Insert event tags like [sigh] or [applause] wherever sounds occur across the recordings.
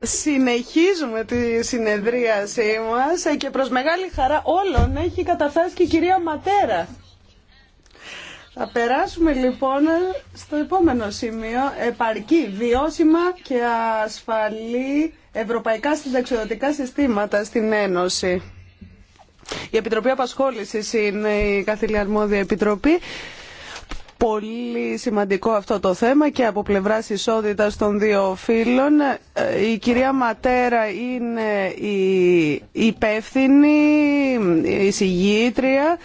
Συνεχίζουμε τη συνεδρίασή μας και προς μεγάλη χαρά όλων έχει καταφτάσει και η κυρία Ματέρα. Θα περάσουμε λοιπόν στο επόμενο σημείο, επαρκή, βιώσιμα και ασφαλή ευρωπαϊκά συνταξιδοτικά συστήματα στην Ένωση. Η Επιτροπή Απασχόλησης είναι η καθηλιαρμόδια επιτροπή πολύ σημαντικό αυτό το θέμα και από πλευρά ισότητα των δύο φίλων ε, Η κυρία Ματέρα είναι η υπεύθυνη, η συγγήτρια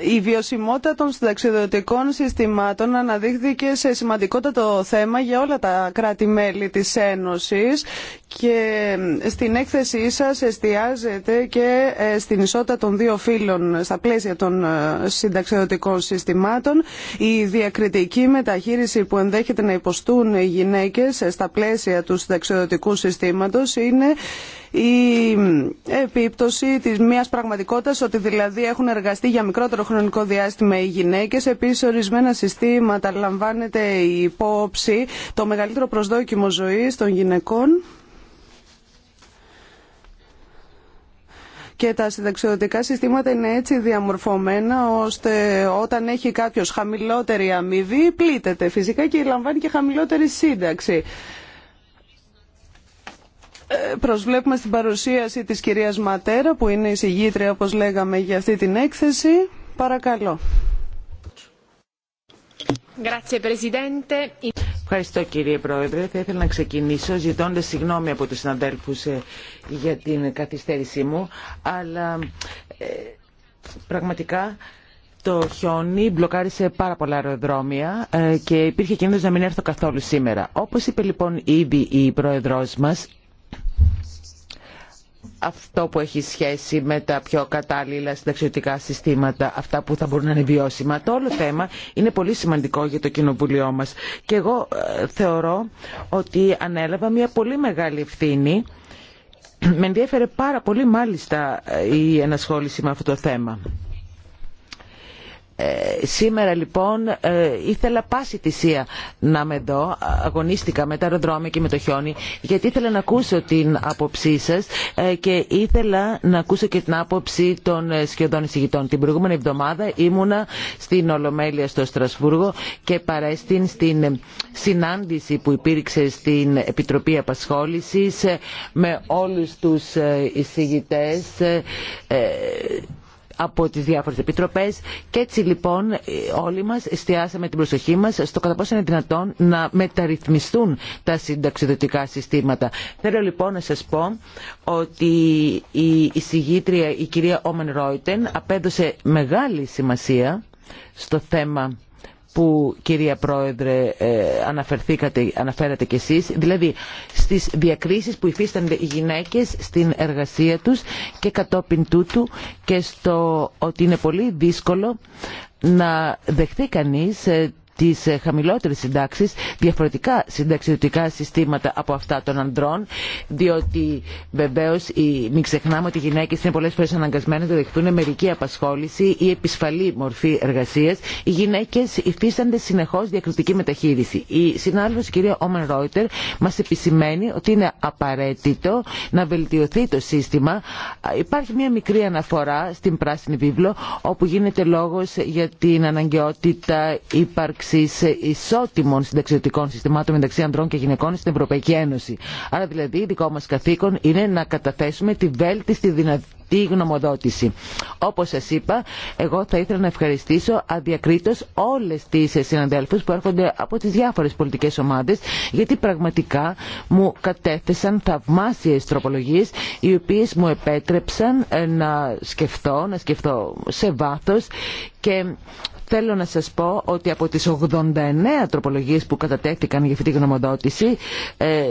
η βιωσιμότητα των συνταξιδοτικών συστημάτων αναδείχθηκε σε σημαντικότατο θέμα για όλα τα κράτη-μέλη της Ένωσης και στην έκθεσή σας εστιάζεται και ε, στην ισότητα των δύο φύλων στα πλαίσια των ε, συνταξιδοτικών συστημάτων. Η διακριτική μεταχείριση που ενδέχεται να υποστούν οι γυναίκες στα πλαίσια του συνταξιδοτικού συστήματος είναι η επίπτωση της μιας πραγματικότητας ότι δηλαδή έχουν εργαστεί για μικρότερο χρονικό διάστημα οι γυναίκες. Επίσης ορισμένα συστήματα λαμβάνεται η υπόψη το μεγαλύτερο προσδόκιμο ζωής των γυναικών. και τα συνταξιωτικά συστήματα είναι έτσι διαμορφωμένα ώστε όταν έχει κάποιος χαμηλότερη αμοιβή πλήττεται φυσικά και λαμβάνει και χαμηλότερη σύνταξη. Προσβλέπουμε στην παρουσίαση της κυρίας Ματέρα που είναι η συγγήτρια όπως λέγαμε για αυτή την έκθεση. Παρακαλώ. Ευχαριστώ κύριε Πρόεδρε. Θα ήθελα να ξεκινήσω ζητώντας συγγνώμη από τους συναδέλφους ε, για την καθυστέρησή μου, αλλά ε, πραγματικά το χιόνι μπλοκάρισε πάρα πολλά αεροδρόμια ε, και υπήρχε κίνδυνος να μην έρθω καθόλου σήμερα. Όπως είπε λοιπόν ήδη η Πρόεδρός μας, αυτό που έχει σχέση με τα πιο κατάλληλα συνταξιωτικά συστήματα, αυτά που θα μπορούν να είναι βιώσιμα. Το όλο θέμα είναι πολύ σημαντικό για το Κοινοβουλίο μας. Και εγώ ε, θεωρώ ότι ανέλαβα μια πολύ μεγάλη ευθύνη. Με ενδιέφερε πάρα πολύ μάλιστα ε, η ενασχόληση με αυτό το θέμα. Ε, σήμερα λοιπόν ε, ήθελα πάση θυσία να είμαι εδώ, αγωνίστηκα με τα αεροδρόμια και με το χιόνι, γιατί ήθελα να ακούσω την άποψή σας ε, και ήθελα να ακούσω και την άποψη των σχεδόν εισηγητών. Την προηγούμενη εβδομάδα ήμουνα στην Ολομέλεια στο Στρασβούργο και παρέστην στην συνάντηση που υπήρξε στην Επιτροπή Απασχόλησης με όλους τους εισηγητές από τις διάφορες επιτροπές και έτσι λοιπόν όλοι μας εστιάσαμε την προσοχή μας στο κατά πόσο είναι δυνατόν να μεταρρυθμιστούν τα συνταξιδοτικά συστήματα. Θέλω λοιπόν να σας πω ότι η εισηγήτρια η κυρία Όμεν Ρόιτεν απέδωσε μεγάλη σημασία στο θέμα που κυρία Πρόεδρε ε, αναφερθήκατε, αναφέρατε κι εσείς, δηλαδή στις διακρίσεις που υφίστανται οι γυναίκες στην εργασία τους και κατόπιν τούτου και στο ότι είναι πολύ δύσκολο να δεχθεί κανείς ε, τι ε, χαμηλότερες συντάξεις, διαφορετικά συνταξιδοτικά συστήματα από αυτά των ανδρών, διότι βεβαίω μην ξεχνάμε ότι οι γυναίκες είναι πολλές φορές αναγκασμένες να δεχτούν μερική απασχόληση ή επισφαλή μορφή εργασίας. Οι γυναίκες υφίστανται συνεχώς διακριτική μεταχείριση. Η συνάδελφος κυρία Όμεν Ρόιτερ μας επισημαίνει ότι είναι απαραίτητο να βελτιωθεί το σύστημα. Υπάρχει μια μικρή αναφορά στην Πράσινη Βίβλο όπου γίνεται λόγος για την αναγκαιότητα ύπαρξη σε ισότιμων συνταξιωτικών συστημάτων μεταξύ ανδρών και γυναικών στην Ευρωπαϊκή Ένωση. Άρα δηλαδή δικό μας καθήκον είναι να καταθέσουμε τη βέλτιστη δυνατή γνωμοδότηση. Όπως σας είπα, εγώ θα ήθελα να ευχαριστήσω αδιακρίτως όλες τις συναδέλφους που έρχονται από τις διάφορες πολιτικές ομάδες γιατί πραγματικά μου κατέθεσαν θαυμάσιες τροπολογίες οι οποίες μου επέτρεψαν να σκεφτώ, να σκεφτώ σε βάθος και θέλω να σας πω ότι από τις 89 τροπολογίες που κατατέθηκαν για αυτή τη γνωμοδότηση, ε,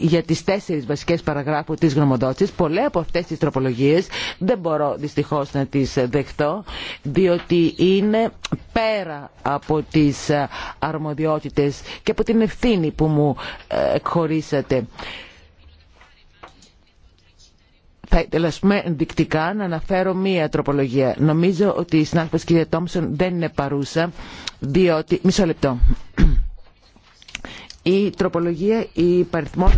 για τις τέσσερις βασικές παραγράφου της γνωμοδότησης, πολλές από αυτές τις τροπολογίες δεν μπορώ δυστυχώς να τις δεχτώ, διότι είναι πέρα από τις αρμοδιότητες και από την ευθύνη που μου ε, εκχωρήσατε. Θα ήθελα ενδεικτικά να αναφέρω μία τροπολογία. Νομίζω ότι η συνάδελφος κυρία Τόμσον δεν είναι παρούσα, διότι... Μισό λεπτό η τροπολογία υπαριθμών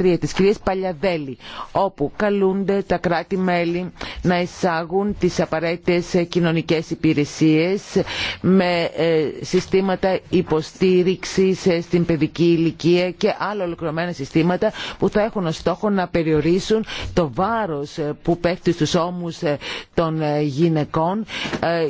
63 της κυρίας Παλιαδέλη όπου καλούνται τα κράτη-μέλη να εισάγουν τις απαραίτητες κοινωνικές υπηρεσίες με ε, συστήματα υποστήριξης ε, στην παιδική ηλικία και άλλα ολοκληρωμένα συστήματα που θα έχουν ως στόχο να περιορίσουν το βάρος ε, που πέφτει στους ώμους των γυναικών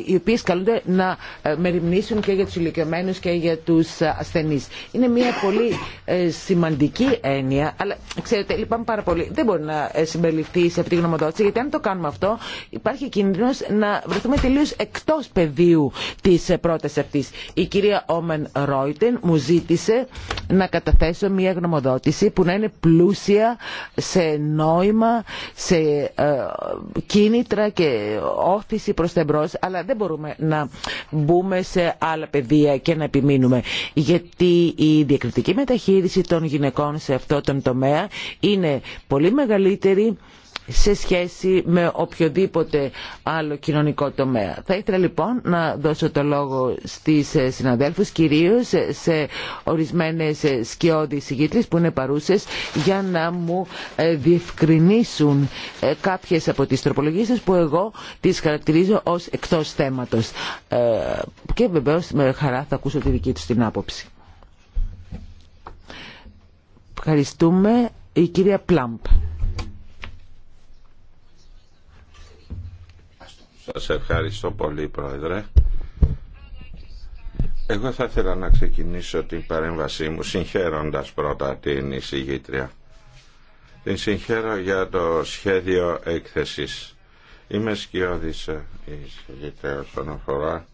οι οποίε καλούνται να μεριμνήσουν και για τους ηλικιωμένους και για τους ασθενείς. Είναι μια πολύ ε, σημαντική έννοια, αλλά ξέρετε, λυπάμαι πάρα πολύ, δεν μπορεί να ε, συμπεριληφθεί σε αυτή τη γνωμοδότηση, γιατί αν το κάνουμε αυτό υπάρχει κίνδυνος να βρεθούμε τελείως εκτός πεδίου της ε, πρόταση αυτή. Η κυρία Όμεν Ρόιτεν μου ζήτησε να καταθέσω μια γνωμοδότηση που να είναι πλούσια σε νόημα, σε κίνητρα και όθηση προ τα εμπρός, αλλά δεν μπορούμε να μπούμε σε άλλα πεδία και να επιμείνουμε, γιατί η διακριτική η μεταχείριση των γυναικών σε αυτό τον τομέα είναι πολύ μεγαλύτερη σε σχέση με οποιοδήποτε άλλο κοινωνικό τομέα. Θα ήθελα λοιπόν να δώσω το λόγο στις ε, συναδέλφους, κυρίως ε, σε ορισμένες ε, σκιώδεις ηγήτρες που είναι παρούσες για να μου διευκρινίσουν κάποιες από τις τροπολογίες που εγώ τις χαρακτηρίζω ως εκτός θέματος. Και βεβαίως με χαρά θα ακούσω τη δική τους την άποψη. Ευχαριστούμε. Η κυρία Πλάμπ. Σας ευχαριστώ πολύ Πρόεδρε. Εγώ θα ήθελα να ξεκινήσω την παρέμβασή μου συγχαίροντας πρώτα την εισηγήτρια. Την συγχαίρω για το σχέδιο έκθεσης. Είμαι σκιώδης ε, εισηγήτρια όσον αφορά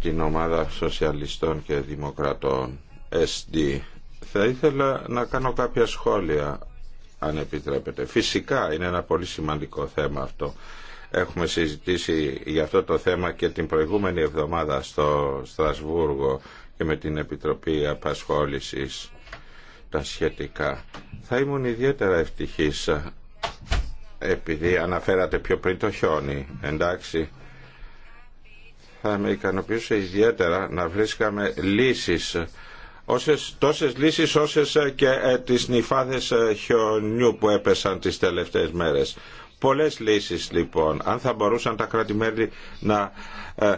την ομάδα σοσιαλιστών και δημοκρατών SD. Θα ήθελα να κάνω κάποια σχόλια, αν επιτρέπετε. Φυσικά είναι ένα πολύ σημαντικό θέμα αυτό. Έχουμε συζητήσει για αυτό το θέμα και την προηγούμενη εβδομάδα στο Στρασβούργο και με την Επιτροπή Απασχόλησης τα σχετικά. Θα ήμουν ιδιαίτερα ευτυχής επειδή αναφέρατε πιο πριν το χιόνι, εντάξει. Θα με ικανοποιούσε ιδιαίτερα να βρίσκαμε λύσεις όσες, τόσες λύσεις όσες ε, και ε, τις νυφάδες ε, χιονιού που έπεσαν τις τελευταίες μέρες. Πολλές λύσεις λοιπόν. Αν θα μπορούσαν τα κράτη-μέλη να ε,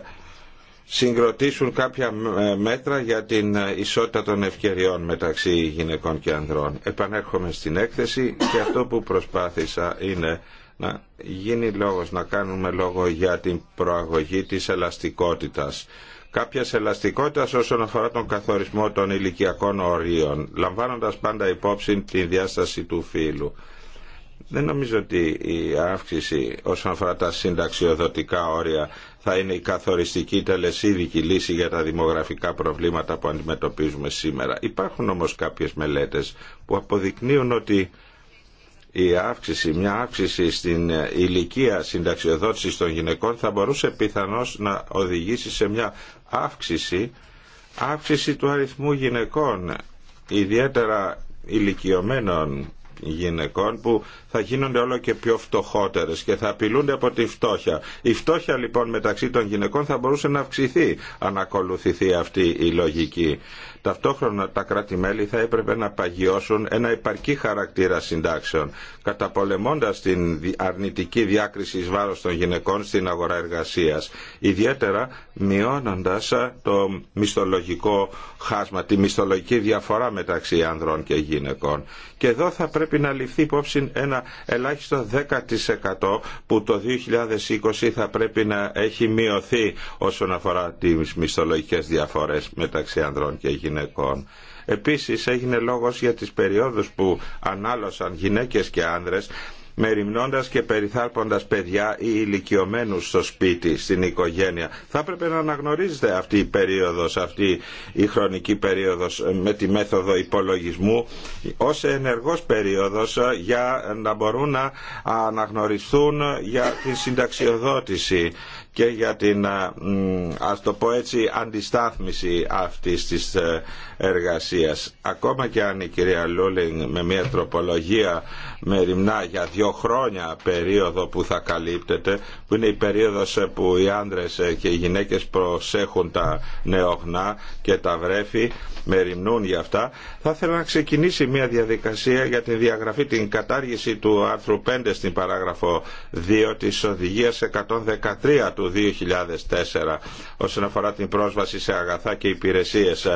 συγκροτήσουν κάποια μέτρα για την ισότητα των ευκαιριών μεταξύ γυναικών και ανδρών. Επανέρχομαι στην έκθεση και αυτό που προσπάθησα είναι να γίνει λόγος, να κάνουμε λόγο για την προαγωγή της ελαστικότητας κάποια ελαστικότητα όσον αφορά τον καθορισμό των ηλικιακών ορίων, λαμβάνοντα πάντα υπόψη τη διάσταση του φύλου. Δεν νομίζω ότι η αύξηση όσον αφορά τα συνταξιοδοτικά όρια θα είναι η καθοριστική τελεσίδικη λύση για τα δημογραφικά προβλήματα που αντιμετωπίζουμε σήμερα. Υπάρχουν όμως κάποιες μελέτες που αποδεικνύουν ότι η αύξηση, μια αύξηση στην ηλικία συνταξιοδότησης των γυναικών θα μπορούσε πιθανώς να οδηγήσει σε μια αύξηση, αύξηση του αριθμού γυναικών, ιδιαίτερα ηλικιωμένων γυναικών που θα γίνονται όλο και πιο φτωχότερες και θα απειλούνται από τη φτώχεια. Η φτώχεια λοιπόν μεταξύ των γυναικών θα μπορούσε να αυξηθεί αν ακολουθηθεί αυτή η λογική. Ταυτόχρονα τα κράτη-μέλη θα έπρεπε να παγιώσουν ένα επαρκή χαρακτήρα συντάξεων, καταπολεμώντας την αρνητική διάκριση εις βάρος των γυναικών στην αγορά εργασίας, ιδιαίτερα μειώνοντας το μισθολογικό χάσμα, τη μισθολογική διαφορά μεταξύ ανδρών και γυναικών. Και εδώ θα πρέπει να ληφθεί υπόψη ένα ελάχιστο 10% που το 2020 θα πρέπει να έχει μειωθεί όσον αφορά τις μισθολογικές διαφορές μεταξύ ανδρών και γυναικών γυναικών. Επίσης έγινε λόγος για τις περιόδους που ανάλωσαν γυναίκες και άνδρες μεριμνώντας και περιθάλποντας παιδιά ή ηλικιωμένους στο σπίτι, στην οικογένεια. Θα έπρεπε να αναγνωρίζεται αυτή η περίοδος, αυτή η χρονική περίοδος ε, με τη μέθοδο υπολογισμού ως ενεργός περίοδος ε, για να μπορούν να αναγνωριστούν για την συνταξιοδότηση και για την, ας το πω έτσι, αντιστάθμιση αυτής της ε, εργασίας. Ακόμα και αν η κυρία Λούλινγκ με μια τροπολογία με ρημνά για δύο χρόνια περίοδο που θα καλύπτεται, που είναι η περίοδος που οι άνδρες και οι γυναίκες προσέχουν τα νεογνά και τα βρέφη, με ρημνούν για αυτά, θα ήθελα να ξεκινήσει μια διαδικασία για τη διαγραφή, την κατάργηση του άρθρου 5 στην παράγραφο 2 της οδηγίας 113 του 2004 όσον αφορά την πρόσβαση σε αγαθά και υπηρεσίες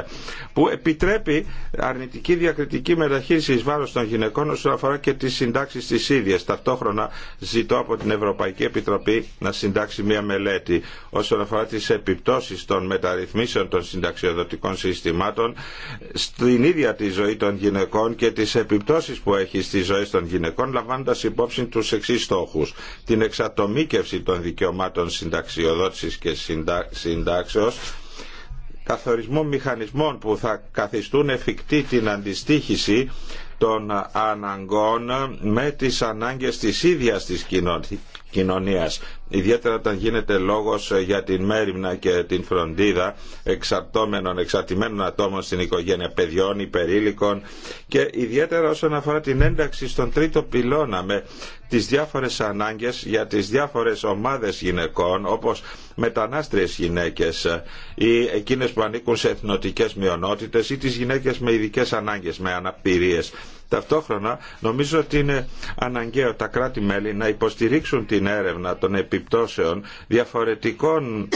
που επιτρέπει αρνητική διακριτική μεταχείριση εις βάρος των γυναικών όσον αφορά και τις συντάξεις της ίδιας. Ταυτόχρονα ζητώ από την Ευρωπαϊκή Επιτροπή να συντάξει μια μελέτη όσον αφορά τις επιπτώσεις των μεταρρυθμίσεων των συνταξιοδοτικών συστημάτων στην ίδια τη ζωή των γυναικών και τις επιπτώσεις που έχει στη ζωή των γυναικών λαμβάνοντας υπόψη τους εξής στόχους. Την εξατομίκευση των δικαιωμάτων συνταξιοδότηση και συντάξεως καθορισμό μηχανισμών που θα καθιστούν εφικτή την αντιστήχηση των αναγκών με τις ανάγκες της ίδιας της κοινωνίας. Ιδιαίτερα όταν γίνεται λόγος για την μέρημνα και την φροντίδα εξαρτώμενων, εξαρτημένων ατόμων στην οικογένεια παιδιών, υπερήλικων και ιδιαίτερα όσον αφορά την ένταξη στον τρίτο πυλώνα με τις διάφορες ανάγκες για τις διάφορες ομάδες γυναικών όπως μετανάστριες γυναίκες ή εκείνες που ανήκουν σε εθνοτικές μειονότητες ή τις γυναίκες με ειδικές ανάγκες, με αναπηρίες. Ταυτόχρονα νομίζω ότι είναι αναγκαίο τα κράτη-μέλη να υποστηρίξουν την έρευνα των επιπτώσεων διαφορετικών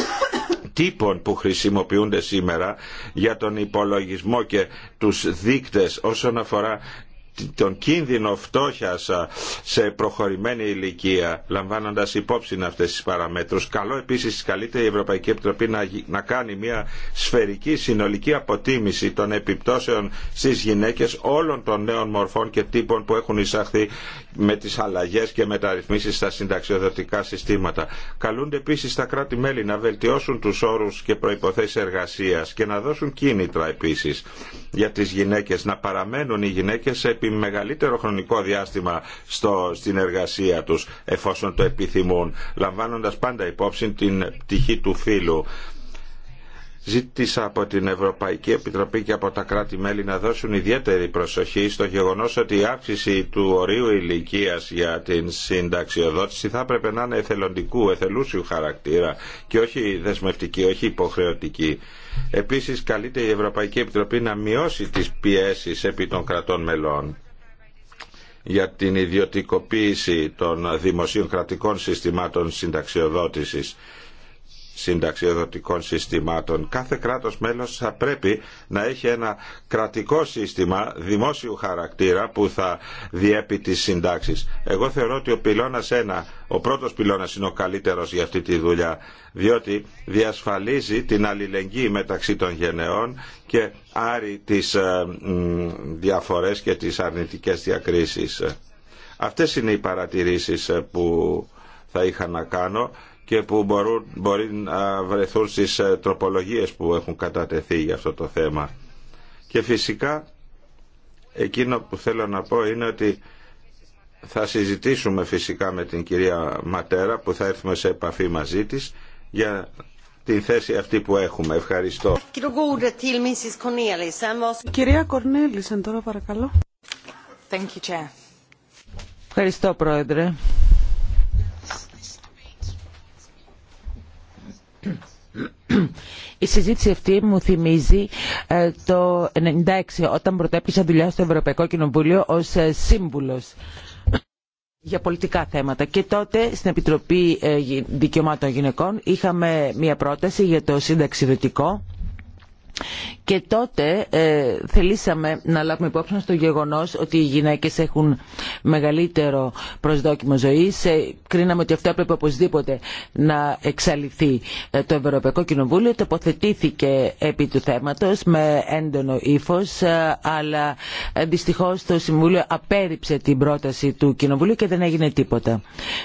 τύπων που χρησιμοποιούνται σήμερα για τον υπολογισμό και τους δείκτες όσον αφορά τον κίνδυνο φτώχειας σε προχωρημένη ηλικία, λαμβάνοντας υπόψη αυτές τις παραμέτρους. Καλό επίσης καλείται η Ευρωπαϊκή Επιτροπή να, κάνει μια σφαιρική συνολική αποτίμηση των επιπτώσεων στις γυναίκες όλων των νέων μορφών και τύπων που έχουν εισαχθεί με τις αλλαγές και μεταρρυθμίσεις στα συνταξιοδοτικά συστήματα. Καλούνται επίσης τα κράτη-μέλη να βελτιώσουν τους όρους και προποθέσει εργασία και να δώσουν κίνητρα επίση για τι γυναίκε, να παραμένουν οι γυναίκες επί επί μεγαλύτερο χρονικό διάστημα στο, στην εργασία τους εφόσον το επιθυμούν λαμβάνοντας πάντα υπόψη την πτυχή του φίλου. Ζήτησα από την Ευρωπαϊκή Επιτροπή και από τα κράτη-μέλη να δώσουν ιδιαίτερη προσοχή στο γεγονός ότι η αύξηση του ορίου ηλικίας για την συνταξιοδότηση θα έπρεπε να είναι εθελοντικού, εθελούσιου χαρακτήρα και όχι δεσμευτική, όχι υποχρεωτική. Επίσης καλείται η Ευρωπαϊκή Επιτροπή να μειώσει τις πιέσεις επί των κρατών μελών για την ιδιωτικοποίηση των δημοσίων κρατικών συστημάτων συνταξιοδότησης συνταξιοδοτικών συστημάτων. Κάθε κράτος μέλος θα πρέπει να έχει ένα κρατικό σύστημα δημόσιου χαρακτήρα που θα διέπει τις συντάξεις. Εγώ θεωρώ ότι ο πυλώνας 1, ο πρώτος πυλώνας είναι ο καλύτερος για αυτή τη δουλειά, διότι διασφαλίζει την αλληλεγγύη μεταξύ των γενεών και άρει τις ε, διαφορές και τις αρνητικές διακρίσεις. Αυτές είναι οι παρατηρήσεις ε, που θα είχα να κάνω και που μπορούν, μπορεί να βρεθούν στις ε, τροπολογίες που έχουν κατατεθεί για αυτό το θέμα. Και φυσικά εκείνο που θέλω να πω είναι ότι θα συζητήσουμε φυσικά με την κυρία Ματέρα που θα έρθουμε σε επαφή μαζί της για την θέση αυτή που έχουμε. Ευχαριστώ. Ε, κυρία Κορνέλη, τώρα παρακαλώ. Ευχαριστώ, Πρόεδρε. Η συζήτηση αυτή μου θυμίζει ε, το 1996 όταν προτέπησα δουλειά στο Ευρωπαϊκό Κοινοβούλιο ως ε, σύμβουλος για πολιτικά θέματα. Και τότε στην Επιτροπή ε, Δικαιωμάτων Γυναικών είχαμε μια πρόταση για το συνταξιδοτικό και τότε ε, θελήσαμε να λάβουμε υπόψη στο γεγονός ότι οι γυναίκες έχουν μεγαλύτερο προσδόκιμο ζωής. Ε, κρίναμε ότι αυτό έπρεπε οπωσδήποτε να εξαλειφθεί. Ε, το Ευρωπαϊκό Κοινοβούλιο τοποθετήθηκε επί του θέματος με έντονο ύφος, αλλά δυστυχώς το Συμβούλιο απέρριψε την πρόταση του Κοινοβουλίου και δεν έγινε τίποτα.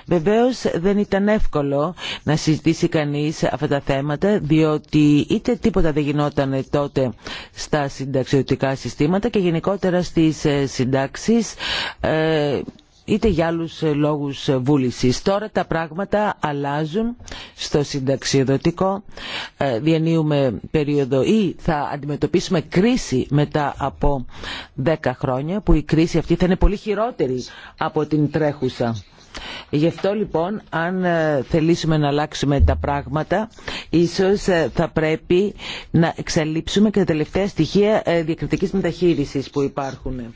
Βεβαίως δεν ήταν εύκολο να συζητήσει κανείς αυτά τα θέματα, διότι είτε τίποτα δεν γινόταν τότε στα συνταξιωτικά συστήματα και γενικότερα στις ε, συντάξεις ε, είτε για άλλους ε, λόγους βούλησης. Τώρα τα πράγματα αλλάζουν στο συνταξιοδοτικό. Διανύουμε περίοδο ή θα αντιμετωπίσουμε κρίση μετά από 10 χρόνια που η κρίση αυτή θα είναι πολύ χειρότερη από την τρέχουσα. Γι' αυτό λοιπόν αν ε, θελήσουμε να αλλάξουμε τα πράγματα ίσως ε, θα πρέπει να εξαλείψουμε και τα τελευταία στοιχεία ε, διακριτικής μεταχείρισης που υπάρχουν.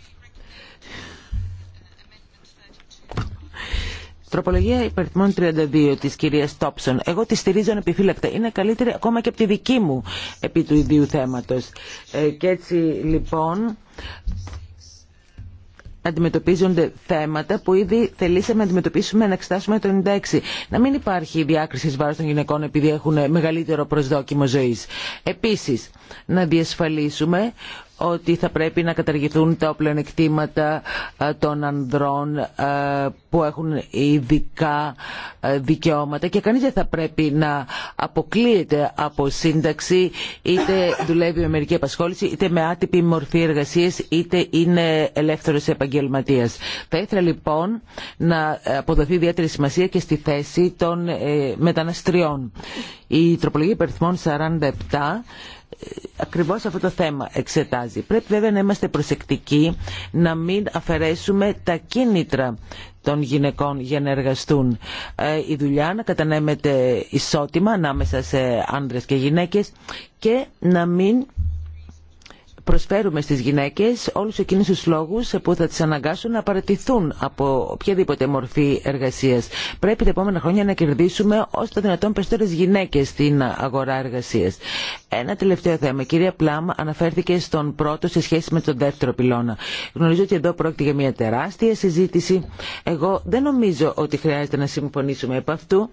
Τροπολογία υπαριθμών 32 της κυρίας Τόψον. Εγώ τη στηρίζω ανεπιφύλακτα. Είναι καλύτερη ακόμα και από τη δική μου επί του ιδίου θέματος. και έτσι λοιπόν αντιμετωπίζονται θέματα που ήδη θελήσαμε να αντιμετωπίσουμε να εξετάσουμε το 1996. Να μην υπάρχει διάκριση βάρο των γυναικών επειδή έχουν μεγαλύτερο προσδόκιμο ζωή. Επίση, να διασφαλίσουμε ότι θα πρέπει να καταργηθούν τα πλεονεκτήματα ε, των ανδρών ε, που έχουν ειδικά ε, δικαιώματα και κανείς δεν θα πρέπει να αποκλείεται από σύνταξη είτε δουλεύει με μερική απασχόληση είτε με άτυπη μορφή εργασίας είτε είναι ελεύθερος επαγγελματίας. Θα ήθελα λοιπόν να αποδοθεί ιδιαίτερη σημασία και στη θέση των μεταναστριών. Η τροπολογία υπερθμών 47 ακριβώς αυτό το θέμα εξετάζει. Πρέπει βέβαια να είμαστε προσεκτικοί να μην αφαιρέσουμε τα κίνητρα των γυναικών για να εργαστούν. Ε, η δουλειά να κατανέμεται ισότιμα ανάμεσα σε άνδρες και γυναίκες και να μην προσφέρουμε στις γυναίκες όλους εκείνους τους λόγους που θα τις αναγκάσουν να παρατηθούν από οποιαδήποτε μορφή εργασίας. Πρέπει τα επόμενα χρόνια να κερδίσουμε όσο το δυνατόν περισσότερες γυναίκες στην αγορά εργασίας. Ένα τελευταίο θέμα. Η κυρία Πλάμ αναφέρθηκε στον πρώτο σε σχέση με τον δεύτερο πυλώνα. Γνωρίζω ότι εδώ πρόκειται για μια τεράστια συζήτηση. Εγώ δεν νομίζω ότι χρειάζεται να συμφωνήσουμε επ' αυτού,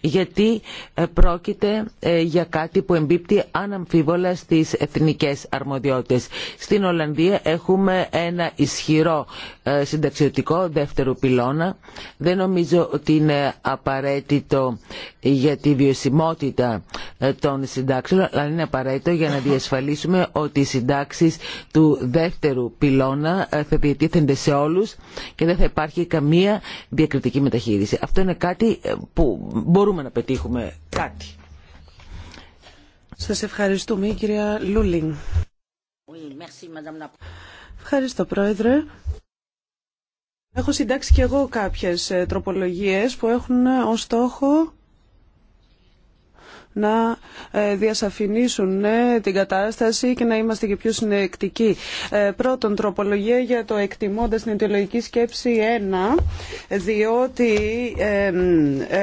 γιατί ε, πρόκειται ε, για κάτι που εμπίπτει αναμφίβολα στις εθνικές αρμοδιότητες. Στην Ολλανδία έχουμε ένα ισχυρό ε, συνταξιωτικό δεύτερο πυλώνα. Δεν νομίζω ότι είναι απαραίτητο για τη βιωσιμότητα ε, των συντάξεων, αλλά είναι απαραίτητο για να διασφαλίσουμε ότι οι συντάξεις του δεύτερου πυλώνα ε, θα διατίθενται σε όλους και δεν θα υπάρχει καμία διακριτική μεταχείριση. Αυτό είναι κάτι που μπορούμε να πετύχουμε κάτι. Σας ευχαριστούμε, κυρία Λούλιν. Ευχαριστώ, Πρόεδρε. Έχω συντάξει και εγώ κάποιες ε, τροπολογίες που έχουν ε, ως στόχο να ε, διασαφηνίσουν την κατάσταση και να είμαστε και πιο συνεκτικοί. Πρώτον, τροπολογία για το εκτιμώντας την αιτιολογική σκέψη 1, διότι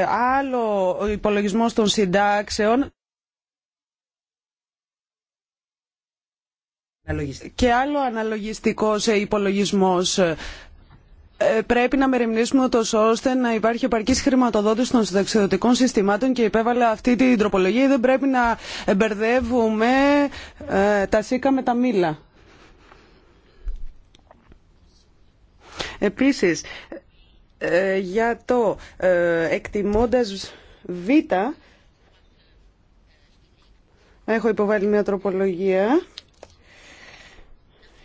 άλλο υπολογισμός των συντάξεων Και άλλο αναλογιστικό ε, υπολογισμός ε, πρέπει να μεριμνήσουμε το ώστε να υπάρχει επαρκή χρηματοδότηση των συνταξιδοτικών συστημάτων και υπέβαλα αυτή την τροπολογία. Δεν πρέπει να μπερδεύουμε ε, τα σίκα με τα μήλα. Επίσης, για το ε, εκτιμώντας β, έχω υποβάλει μια τροπολογία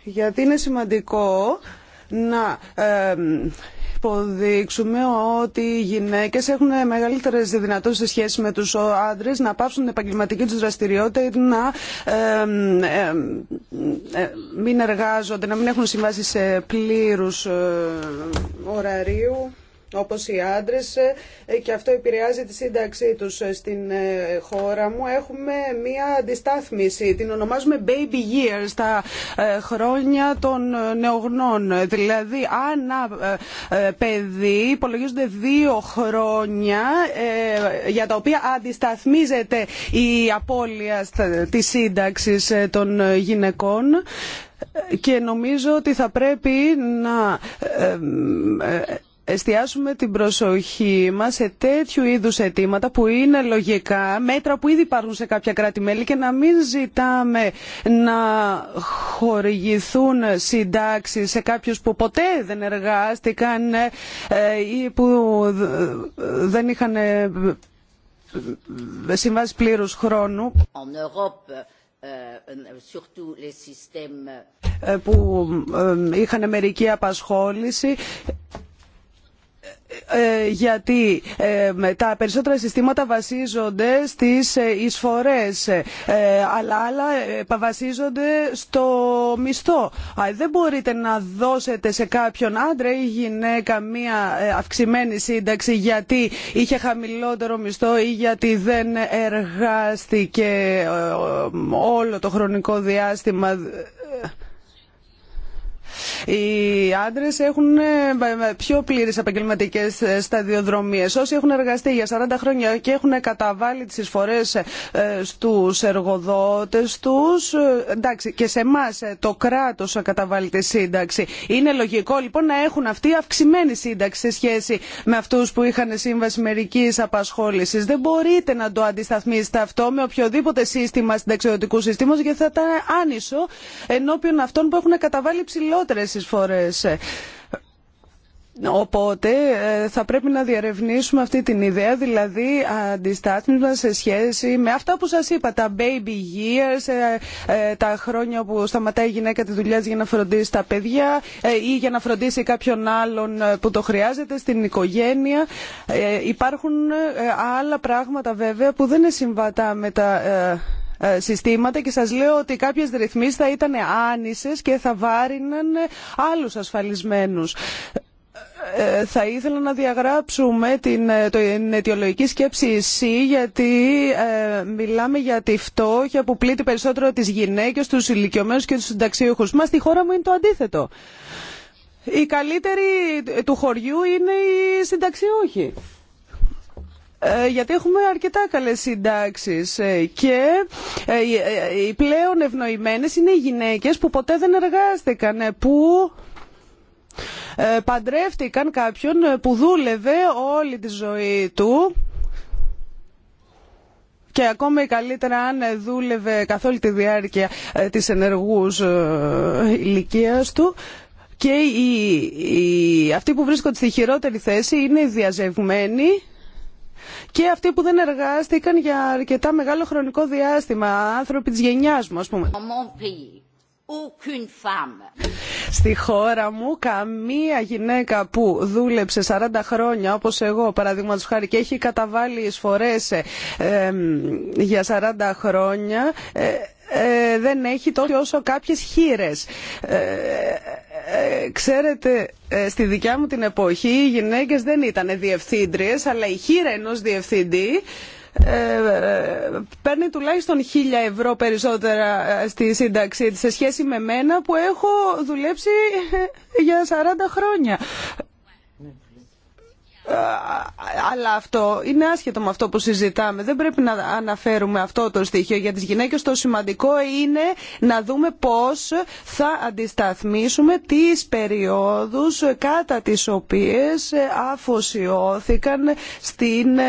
γιατί είναι σημαντικό να ε, υποδείξουμε ότι οι γυναίκες έχουν μεγαλύτερες δυνατότητες σε σχέση με τους άντρες να πάψουν την επαγγελματική τους δραστηριότητα ή να ε, ε, μην εργάζονται, να μην έχουν συμβάσει σε πλήρους ωραρίου όπως οι άντρες ε, και αυτό επηρεάζει τη σύνταξή τους ε, στην ε, χώρα μου. Έχουμε μία αντιστάθμιση, την ονομάζουμε baby years, τα χρόνια των νεογνών. Δηλαδή, ανά παιδί υπολογίζονται δύο χρόνια για τα οποία αντισταθμίζεται η απώλεια της σύνταξης των γυναικών και νομίζω ότι θα πρέπει να εστιάσουμε την προσοχή μα σε τέτοιου είδου αιτήματα που είναι λογικά, μέτρα που ήδη υπάρχουν σε κάποια κράτη-μέλη και να μην ζητάμε να χορηγηθούν συντάξει σε κάποιου που ποτέ δεν εργάστηκαν ε, ή που δεν είχαν ε, συμβάσει πλήρου χρόνου euh, euh, ε, που είχαν μερική απασχόληση ε, ε, γιατί ε, τα περισσότερα συστήματα βασίζονται στις εισφορές αλλά άλλα βασίζονται στο μισθό. Δεν μπορείτε να δώσετε σε κάποιον άντρα ή γυναίκα μία αυξημένη σύνταξη γιατί είχε χαμηλότερο μισθό ή γιατί δεν εργάστηκε όλο το χρονικό διάστημα οι άντρε έχουν ε, πιο πλήρε επαγγελματικέ ε, σταδιοδρομίε. Όσοι έχουν εργαστεί για 40 χρόνια και έχουν καταβάλει τι εισφορέ ε, στου εργοδότε του, εντάξει, και σε εμά το κράτο καταβάλει τη σύνταξη. Είναι λογικό λοιπόν να έχουν αυτή αυξημένη σύνταξη σε σχέση με αυτού που είχαν σύμβαση μερική απασχόληση. Δεν μπορείτε να το αντισταθμίσετε αυτό με οποιοδήποτε σύστημα συνταξιωτικού συστήματο γιατί θα ήταν άνισο ενώπιον αυτών που έχουν καταβάλει ψηλό περισσότερες εισφορές. Οπότε ε, θα πρέπει να διαρευνήσουμε αυτή την ιδέα, δηλαδή αντιστάθμισμα σε σχέση με αυτά που σας είπα, τα baby years, ε, ε, τα χρόνια που σταματάει η γυναίκα τη δουλειά για να φροντίσει τα παιδιά ή για να φροντίσει κάποιον άλλον που το χρειάζεται στην οικογένεια. Υπάρχουν άλλα πράγματα βέβαια που δεν είναι συμβατά με τα ε, συστήματα και σας λέω ότι κάποιες ρυθμίσεις θα ήταν άνισες και θα βάριναν άλλους ασφαλισμένους ε, ε, θα ήθελα να διαγράψουμε την, την αιτιολογική σκέψη εσύ, γιατί μιλάμε για τη φτώχεια που πλήττει περισσότερο τις γυναίκες, τους ηλικιωμένους και τους συνταξιούχους. Μα στη χώρα μου είναι το αντίθετο. Η καλύτερη του χωριού είναι οι συνταξιούχοι. Ε, γιατί έχουμε αρκετά καλές συντάξεις ε, και ε, οι πλέον ευνοημένες είναι οι γυναίκες που ποτέ δεν εργάστηκαν, που παντρεύτηκαν κάποιον που δούλευε όλη τη ζωή του και ακόμα καλύτερα αν δούλευε καθ' όλη τη διάρκεια της ενεργούς ηλικίας του και οι, οι, αυτοί που βρίσκονται στη χειρότερη θέση είναι οι διαζευμένοι και αυτοί που δεν εργάστηκαν για αρκετά μεγάλο χρονικό διάστημα, άνθρωποι της γενιάς μου ας πούμε. Στη χώρα μου καμία γυναίκα που δούλεψε 40 χρόνια όπως εγώ παραδείγματος χάρη και έχει καταβάλει εισφορές ε, για 40 χρόνια ε, ε, δεν έχει τόσο όσο κάποιες χείρες. Ε, ε, ξέρετε, στη δικιά μου την εποχή οι γυναίκες δεν ήταν διευθύντριες, αλλά η χείρα ενός διευθυντή παίρνει τουλάχιστον χίλια ευρώ περισσότερα στη σύνταξή σε σχέση με μένα που έχω δουλέψει [laughs] για 40 χρόνια αλλά αυτό είναι άσχετο με αυτό που συζητάμε. Δεν πρέπει να αναφέρουμε αυτό το στοιχείο για τις γυναίκες. Το σημαντικό είναι να δούμε πώς θα αντισταθμίσουμε τις περιόδους κατά τις οποίες αφοσιώθηκαν στην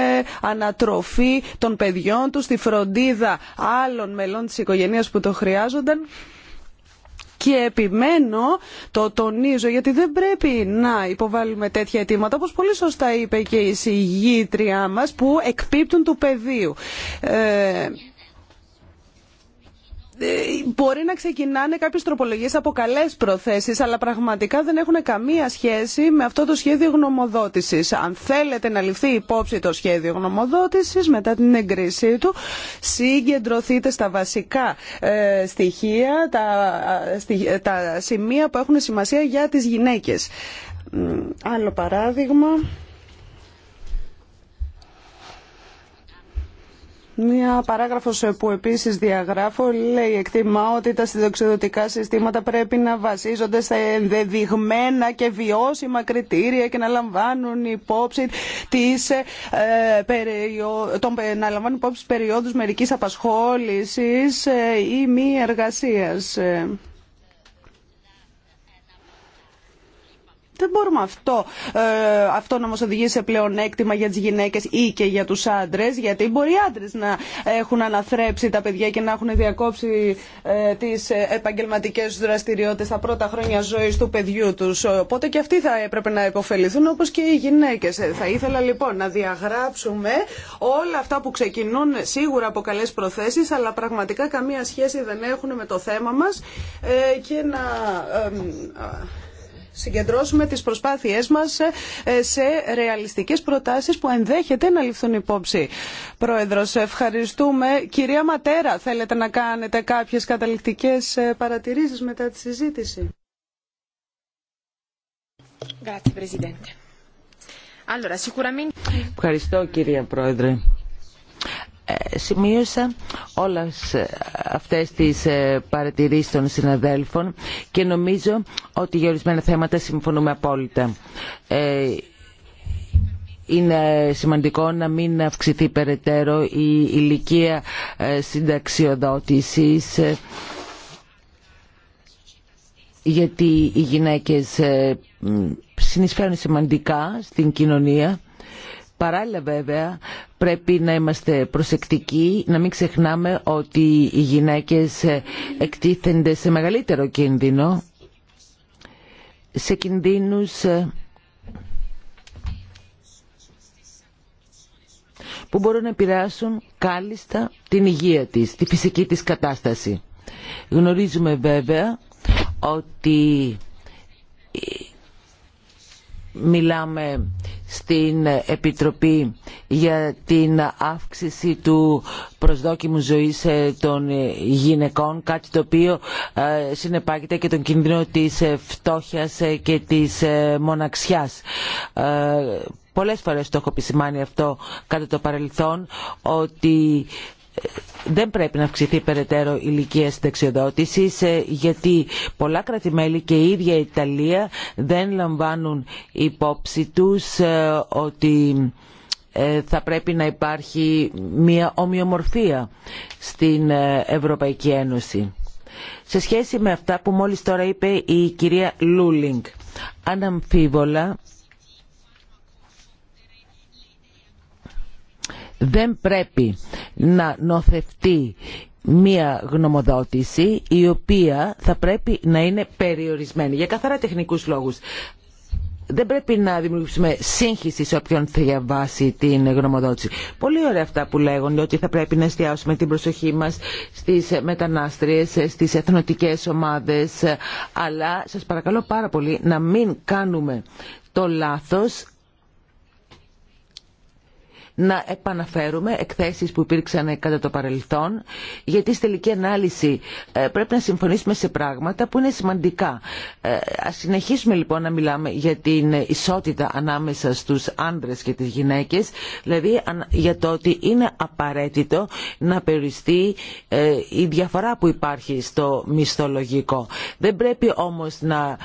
ανατροφή των παιδιών τους, στη φροντίδα άλλων μελών της οικογένειας που το χρειάζονταν και επιμένω, το τονίζω, γιατί δεν πρέπει να υποβάλουμε τέτοια αιτήματα, όπως πολύ σωστά είπε και η συγγήτριά μας, που εκπίπτουν του πεδίου. Ε, ε, μπορεί να ξεκινάνε κάποιες τροπολογίες από καλέ προθέσεις αλλά πραγματικά δεν έχουν καμία σχέση με αυτό το σχέδιο γνωμοδότησης. Αν θέλετε να ληφθεί υπόψη το σχέδιο γνωμοδότησης μετά την εγκρίσή του συγκεντρωθείτε στα βασικά ε, στοιχεία, τα, ε, τα σημεία που έχουν σημασία για τις γυναίκες. Άλλο παράδειγμα... Μία παράγραφος που επίσης διαγράφω λέει εκτιμά ότι τα συνδοξιδοτικά συστήματα πρέπει να βασίζονται σε ενδεδειγμένα και βιώσιμα κριτήρια και να λαμβάνουν υπόψη τις, ε, περιο, ε, να λαμβάνουν υπόψη περιόδους μερικής απασχόλησης ε, ή μη εργασίας. Ε, Δεν μπορούμε αυτό, ε, αυτό να μα οδηγήσει σε πλεονέκτημα για τι γυναίκε ή και για του άντρε, γιατί μπορεί οι άντρε να έχουν αναθρέψει τα παιδιά και να έχουν διακόψει ε, τι επαγγελματικέ του δραστηριότητε τα πρώτα χρόνια ζωή του παιδιού του. Οπότε και αυτοί θα έπρεπε να υποφεληθούν όπω και οι γυναίκε. Ε, θα ήθελα λοιπόν να διαγράψουμε όλα αυτά που ξεκινούν σίγουρα από καλέ προθέσει, αλλά πραγματικά καμία σχέση δεν έχουν με το θέμα μα ε, και να συγκεντρώσουμε τις προσπάθειές μας ε, σε ρεαλιστικές προτάσεις που ενδέχεται να ληφθούν υπόψη. Πρόεδρος, ευχαριστούμε. Κυρία Ματέρα, θέλετε να κάνετε κάποιες καταληκτικές ε, παρατηρήσεις μετά τη συζήτηση. Ευχαριστώ κυρία Πρόεδρε. Ε, σημείωσα όλες ε, αυτές τις ε, παρατηρήσεις των συναδέλφων και νομίζω ότι για ορισμένα θέματα συμφωνούμε απόλυτα. Είναι σημαντικό να μην αυξηθεί περαιτέρω η ηλικία συνταξιοδότησης γιατί οι γυναίκες συνεισφέρουν σημαντικά στην κοινωνία Παράλληλα βέβαια πρέπει να είμαστε προσεκτικοί, να μην ξεχνάμε ότι οι γυναίκες ε, εκτίθενται σε μεγαλύτερο κίνδυνο, σε κινδύνους ε, που μπορούν να επηρεάσουν κάλλιστα την υγεία της, τη φυσική της κατάσταση. Γνωρίζουμε βέβαια ότι ε, μιλάμε στην Επιτροπή για την αύξηση του προσδόκιμου ζωής ε, των γυναικών, κάτι το οποίο ε, συνεπάγεται και τον κίνδυνο της ε, φτώχειας και της μοναξιάς. Πολλές φορές το έχω επισημάνει αυτό κατά το παρελθόν, ότι δεν πρέπει να αυξηθεί περαιτέρω η ηλικία συνταξιοδότηση γιατί πολλά κρατημέλη και η ίδια η Ιταλία δεν λαμβάνουν υπόψη τους ε, ότι ε, θα πρέπει να υπάρχει μια ομοιομορφία στην ε, Ευρωπαϊκή Ένωση. Σε σχέση με αυτά που μόλις τώρα είπε η κυρία Λούλινγκ, αναμφίβολα δεν πρέπει να νοθευτεί μία γνωμοδότηση η οποία θα πρέπει να είναι περιορισμένη για καθαρά τεχνικούς λόγους. Δεν πρέπει να δημιουργήσουμε σύγχυση σε όποιον θα διαβάσει την γνωμοδότηση. Πολύ ωραία αυτά που λέγονται ότι θα πρέπει να εστιάσουμε την προσοχή μας στις μετανάστριες, στις εθνοτικές ομάδες, αλλά σας παρακαλώ πάρα πολύ να μην κάνουμε το λάθος να επαναφέρουμε εκθέσεις που υπήρξαν κατά το παρελθόν γιατί στη τελική ανάλυση ε, πρέπει να συμφωνήσουμε σε πράγματα που είναι σημαντικά. Ε, ας συνεχίσουμε λοιπόν να μιλάμε για την ισότητα ανάμεσα στους άνδρες και τις γυναίκες δηλαδή για το ότι είναι απαραίτητο να περιοριστεί ε, η διαφορά που υπάρχει στο μισθολογικό. Δεν πρέπει όμως να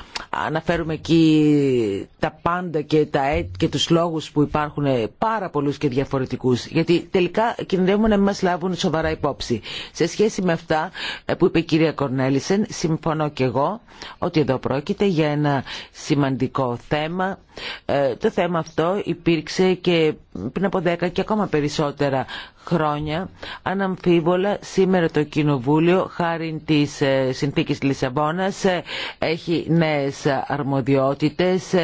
αναφέρουμε εκεί τα πάντα και, τα, ε, και τους λόγους που υπάρχουν πάρα πολλούς και διαφορετικούς γιατί τελικά κινδυνεύουμε να μην μας λάβουν σοβαρά υπόψη. Σε σχέση με αυτά ε, που είπε η κυρία Κορνέλισεν συμφωνώ και εγώ ότι εδώ πρόκειται για ένα σημαντικό θέμα ε, το θέμα αυτό υπήρξε και πριν από 10 και ακόμα περισσότερα χρόνια. Αναμφίβολα σήμερα το Κοινοβούλιο χάρη της ε, συνθήκης Λισαβόνας ε, έχει νέες αρμοδιότητες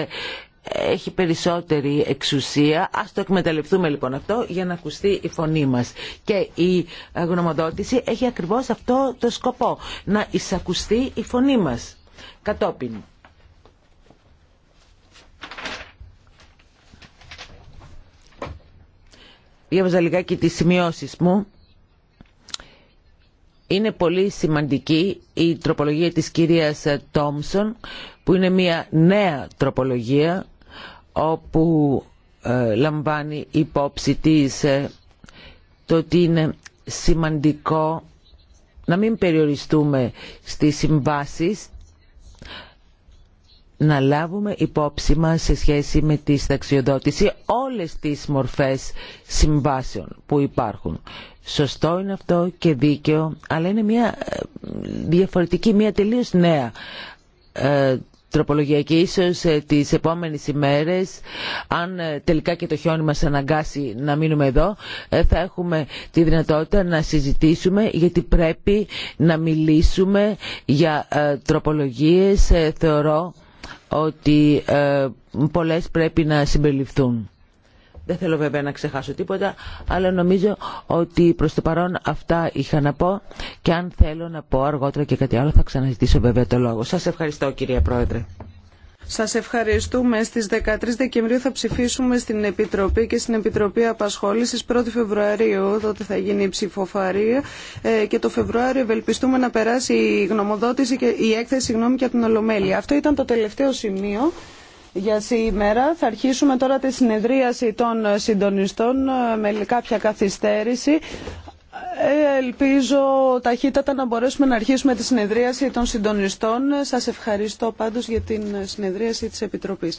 έχει περισσότερη εξουσία. Ας το εκμεταλλευτούμε λοιπόν αυτό για να ακουστεί η φωνή μας. Και η γνωμοδότηση έχει ακριβώς αυτό το σκοπό, να εισακουστεί η φωνή μας. Κατόπιν, διάβαζα λιγάκι τις σημειώσεις μου. Είναι πολύ σημαντική η τροπολογία της κυρίας Τόμσον που είναι μια νέα τροπολογία όπου ε, λαμβάνει υπόψη της ε, το ότι είναι σημαντικό να μην περιοριστούμε στις συμβάσεις να λάβουμε υπόψη μας σε σχέση με τη σταξιοδότηση όλες τις μορφές συμβάσεων που υπάρχουν. Σωστό είναι αυτό και δίκαιο, αλλά είναι μια ε, διαφορετική, μια τελείως νέα ε, τροπολογία και ίσως ε, τις επόμενες ημέρες αν τελικά και το χιόνι μας αναγκάσει να μείνουμε εδώ θα έχουμε τη δυνατότητα να συζητήσουμε γιατί πρέπει να μιλήσουμε για τροπολογίες θεωρώ ότι ε, πολλές πρέπει να συμπεριληφθούν. Δεν θέλω βέβαια να ξεχάσω τίποτα, αλλά νομίζω ότι προς το παρόν αυτά είχα να πω και αν θέλω να πω αργότερα και κάτι άλλο θα ξαναζητήσω βέβαια το λόγο. Σας ευχαριστώ κυρία Πρόεδρε. Σας ευχαριστούμε. Στις 13 Δεκεμβρίου θα ψηφίσουμε στην Επιτροπή και στην Επιτροπή Απασχόλησης 1 Φεβρουαρίου, τότε θα γίνει η ψηφοφαρία ε, και το Φεβρουάριο ευελπιστούμε να περάσει η γνωμοδότηση και η έκθεση γνώμη και την Ολομέλεια. Αυτό ήταν το τελευταίο σημείο για σήμερα. Θα αρχίσουμε τώρα τη συνεδρίαση των συντονιστών ε, με κάποια καθυστέρηση. Ελπίζω ταχύτατα να μπορέσουμε να αρχίσουμε τη συνεδρίαση των συντονιστών. Σας ευχαριστώ πάντως για την συνεδρίαση της Επιτροπής.